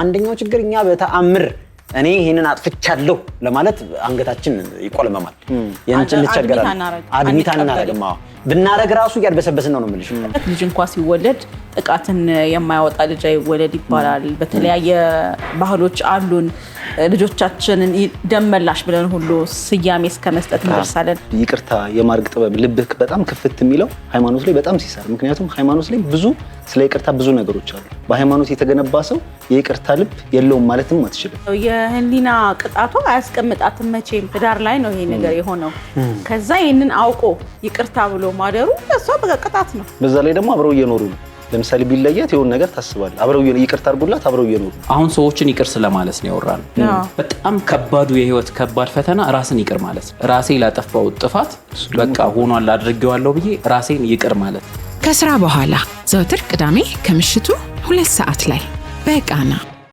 አንደኛው ችግር እኛ በተአምር እኔ ይህንን አጥፍቻለሁ ለማለት አንገታችን ይቆልመማል፣ እንቸገራለን፣ አድሚት አናረግም። ብናረግ ራሱ እያድበሰበስን ነው ነው የምልሽ። ልጅ እንኳ ሲወለድ ጥቃትን የማያወጣ ልጅ አይወለድ ይባላል። በተለያየ ባህሎች አሉን ልጆቻችንን ደመላሽ ብለን ሁሉ ስያሜ እስከ መስጠት እንደርሳለን። ይቅርታ የማድረግ ጥበብ ልብህ በጣም ክፍት የሚለው ሃይማኖት ላይ በጣም ሲሰራ፣ ምክንያቱም ሃይማኖት ላይ ብዙ ስለ ይቅርታ ብዙ ነገሮች አሉ። በሃይማኖት የተገነባ ሰው የይቅርታ ልብ የለውም ማለትም አትችልም። የህሊና ቅጣቱ አያስቀምጣትም መቼም። ህዳር ላይ ነው ይሄ ነገር የሆነው። ከዛ ይህንን አውቆ ይቅርታ ብሎ ማደሩ እሷ በቃ ቅጣት ነው። በዛ ላይ ደግሞ አብረው እየኖሩ ነው ለምሳሌ ቢለያት የሆነ ነገር ታስባለህ። አብረው ይቅርታ አድርጉላት፣ አብረው እየኖሩ አሁን ሰዎችን ይቅር ስለማለት ነው ያወራነው። በጣም ከባዱ የህይወት ከባድ ፈተና ራስን ይቅር ማለት ራሴ ላጠፋው ጥፋት በቃ ሆኗል አድርጌዋለሁ ብዬ ራሴን ይቅር ማለት ከስራ በኋላ ዘወትር ቅዳሜ ከምሽቱ ሁለት ሰዓት ላይ በቃና